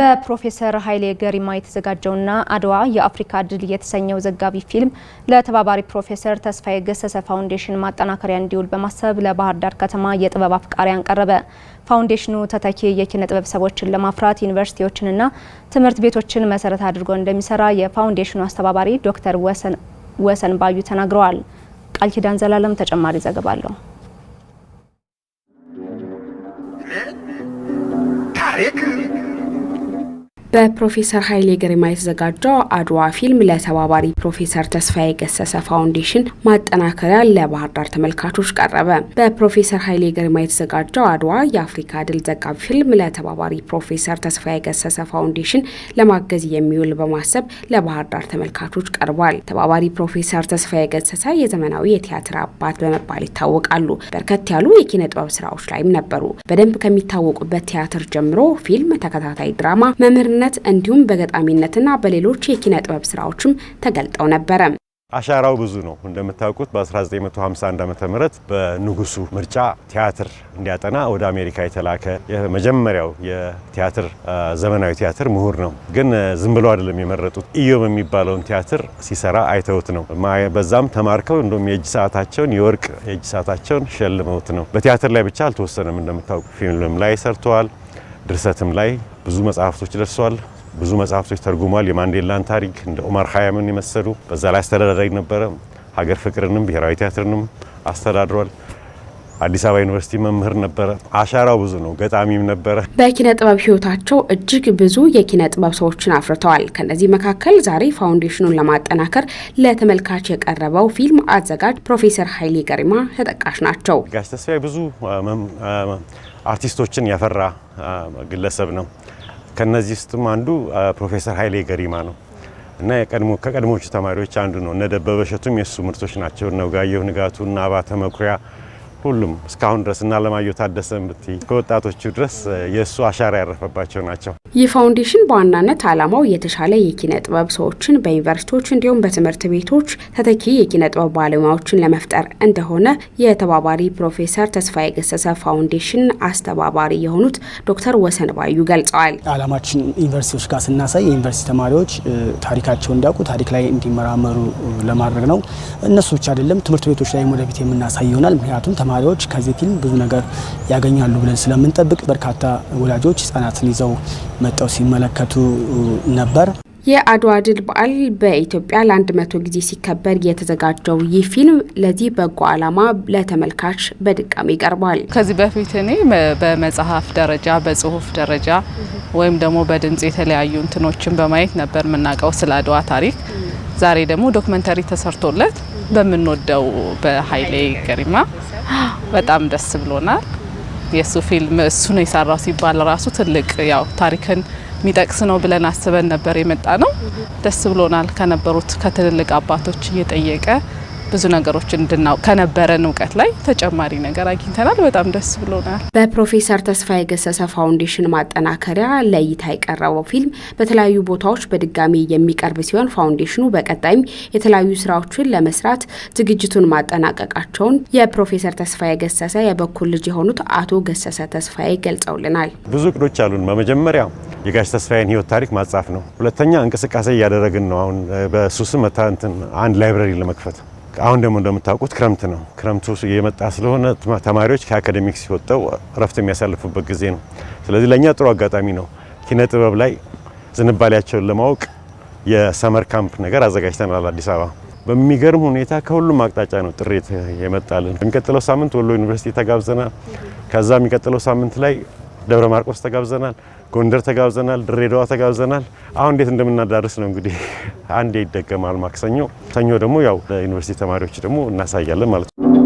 በፕሮፌሰር ኃይሌ ገሪማ የተዘጋጀውና አድዋ የአፍሪካ ድል የተሰኘው ዘጋቢ ፊልም ለተባባሪ ፕሮፌሰር ተስፋዬ ገሰሰ ፋውንዴሽን ማጠናከሪያ እንዲውል በማሰብ ለባህር ዳር ከተማ የጥበብ አፍቃሪያን ቀረበ። ፋውንዴሽኑ ተተኪ የኪነ ጥበብ ሰዎችን ለማፍራት ዩኒቨርሲቲዎችንና ትምህርት ቤቶችን መሰረት አድርጎ እንደሚሰራ የፋውንዴሽኑ አስተባባሪ ዶክተር ወሰን ባዩ ተናግረዋል። ቃል ኪዳን ዘላለም ተጨማሪ ዘገባ አለው። ታሪክ በፕሮፌሰር ኃይሌ ግርማ የተዘጋጀው አድዋ ፊልም ለተባባሪ ፕሮፌሰር ተስፋዬ ገሰሰ ፋውንዴሽን ማጠናከሪያ ለባህር ዳር ተመልካቾች ቀረበ። በፕሮፌሰር ኃይሌ ግርማ የተዘጋጀው አድዋ የአፍሪካ ድል ዘጋቢ ፊልም ለተባባሪ ፕሮፌሰር ተስፋዬ ገሰሰ ፋውንዴሽን ለማገዝ የሚውል በማሰብ ለባህር ዳር ተመልካቾች ቀርቧል። ተባባሪ ፕሮፌሰር ተስፋዬ ገሰሰ የዘመናዊ የቲያትር አባት በመባል ይታወቃሉ። በርከት ያሉ የኪነ ጥበብ ስራዎች ላይም ነበሩ። በደንብ ከሚታወቁበት ቲያትር ጀምሮ ፊልም፣ ተከታታይ ድራማ፣ መምህርነት በስዕለት እንዲሁም በገጣሚነትና በሌሎች የኪነ ጥበብ ስራዎችም ተገልጠው ነበረ። አሻራው ብዙ ነው። እንደምታውቁት በ1951 ዓ ም በንጉሱ ምርጫ ቲያትር እንዲያጠና ወደ አሜሪካ የተላከ የመጀመሪያው የቲያትር ዘመናዊ ቲያትር ምሁር ነው። ግን ዝም ብሎ አይደለም የመረጡት። ኢዮም የሚባለውን ቲያትር ሲሰራ አይተውት ነው። በዛም ተማርከው እንደም የእጅ ሰዓታቸውን የወርቅ የእጅ ሰዓታቸውን ሸልመውት ነው። በቲያትር ላይ ብቻ አልተወሰነም። እንደምታውቁ ፊልም ላይ ሰርተዋል። ድርሰትም ላይ ብዙ መጽሐፍቶች ደርሰዋል። ብዙ መጽሐፍቶች ተርጉሟል። የማንዴላን ታሪክ እንደ ኦማር ሃያምን የመሰሉ በዛ ላይ አስተዳዳሪ ነበረ። ሀገር ፍቅርንም ብሔራዊ ቲያትርንም አስተዳድሯል። አዲስ አበባ ዩኒቨርሲቲ መምህር ነበረ። አሻራው ብዙ ነው። ገጣሚም ነበረ። በኪነ ጥበብ ህይወታቸው እጅግ ብዙ የኪነ ጥበብ ሰዎችን አፍርተዋል። ከነዚህ መካከል ዛሬ ፋውንዴሽኑን ለማጠናከር ለተመልካች የቀረበው ፊልም አዘጋጅ ፕሮፌሰር ኃይሌ ገሪማ ተጠቃሽ ናቸው። ጋሽ ተስፋዬ ብዙ አርቲስቶችን ያፈራ ግለሰብ ነው። ከነዚህ ውስጥም አንዱ ፕሮፌሰር ኃይሌ ገሪማ ነው እና ከቀድሞቹ ተማሪዎች አንዱ ነው። እነ ደበበ እሸቱም የእሱ ምርቶች ናቸው። እነ ውጋየሁ ንጋቱ እና አባተ መኩሪያ ሁሉም እስካሁን ድረስ እና አለማየሁ ታደሰ ምት ከወጣቶቹ ድረስ የእሱ አሻራ ያረፈባቸው ናቸው። ይህ ፋውንዴሽን በዋናነት ዓላማው የተሻለ የኪነ ጥበብ ሰዎችን በዩኒቨርሲቲዎች እንዲሁም በትምህርት ቤቶች ተተኪ የኪነ ጥበብ ባለሙያዎችን ለመፍጠር እንደሆነ የተባባሪ ፕሮፌሰር ተስፋዬ ገሰሰ ፋውንዴሽን አስተባባሪ የሆኑት ዶክተር ወሰን ባዩ ገልጸዋል። ዓላማችን ዩኒቨርሲቲዎች ጋር ስናሳይ የዩኒቨርሲቲ ተማሪዎች ታሪካቸው እንዲያውቁ ታሪክ ላይ እንዲመራመሩ ለማድረግ ነው። እነሱ ብቻ አይደለም፣ ትምህርት ቤቶች ላይ ወደፊት የምናሳይ ይሆናል። ምክንያቱም ተማሪዎች ከዚህ ፊልም ብዙ ነገር ያገኛሉ ብለን ስለምንጠብቅ በርካታ ወላጆች ህጻናትን ይዘው መጠው ሲመለከቱ ነበር። የአድዋ ድል በዓል በኢትዮጵያ ለአንድ መቶ ጊዜ ሲከበር የተዘጋጀው ይህ ፊልም ለዚህ በጎ ዓላማ ለተመልካች በድጋሚ ይቀርባል። ከዚህ በፊት እኔ በመጽሐፍ ደረጃ በጽሁፍ ደረጃ ወይም ደግሞ በድምጽ የተለያዩ እንትኖችን በማየት ነበር የምናውቀው ስለ አድዋ ታሪክ። ዛሬ ደግሞ ዶክመንተሪ ተሰርቶለት በምንወደው በሀይሌ ገሪማ በጣም ደስ ብሎናል። የእሱ ፊልም እሱ ነው የሰራው ሲባል ራሱ ትልቅ ያው ታሪክን የሚጠቅስ ነው ብለን አስበን ነበር የመጣ ነው። ደስ ብሎናል። ከነበሩት ከትልልቅ አባቶች እየጠየቀ ብዙ ነገሮች እንድናውቅ ከነበረን እውቀት ላይ ተጨማሪ ነገር አግኝተናል። በጣም ደስ ብሎናል። በፕሮፌሰር ተስፋዬ ገሰሰ ፋውንዴሽን ማጠናከሪያ ለእይታ የቀረበው ፊልም በተለያዩ ቦታዎች በድጋሚ የሚቀርብ ሲሆን ፋውንዴሽኑ በቀጣይም የተለያዩ ስራዎችን ለመስራት ዝግጅቱን ማጠናቀቃቸውን የፕሮፌሰር ተስፋዬ ገሰሰ የበኩል ልጅ የሆኑት አቶ ገሰሰ ተስፋዬ ገልጸውልናል። ብዙ እቅዶች አሉን። በመጀመሪያ የጋሽ ተስፋዬን ህይወት ታሪክ ማጻፍ ነው። ሁለተኛ እንቅስቃሴ እያደረግን ነው። አሁን በሱስ መታንትን አንድ ላይብረሪ ለመክፈት አሁን ደግሞ እንደምታውቁት ክረምት ነው። ክረምቱ የመጣ ስለሆነ ተማሪዎች ከአካደሚክ ሲወጣው እረፍት የሚያሳልፉበት ጊዜ ነው። ስለዚህ ለእኛ ጥሩ አጋጣሚ ነው። ኪነ ጥበብ ላይ ዝንባሌያቸውን ለማወቅ የሰመር ካምፕ ነገር አዘጋጅተናል። አዲስ አበባ በሚገርም ሁኔታ ከሁሉም አቅጣጫ ነው ጥሪ የመጣልን። የሚቀጥለው ሳምንት ወሎ ዩኒቨርሲቲ ተጋብዘናል። ከዛ የሚቀጥለው ሳምንት ላይ ደብረ ማርቆስ ተጋብዘናል። ጎንደር ተጋብዘናል፣ ድሬዳዋ ተጋብዘናል። አሁን እንዴት እንደምናዳርስ ነው እንግዲህ። አንዴ ይደገማል ማክሰኞ፣ ሰኞ ደግሞ ያው ለዩኒቨርሲቲ ተማሪዎች ደግሞ እናሳያለን ማለት ነው።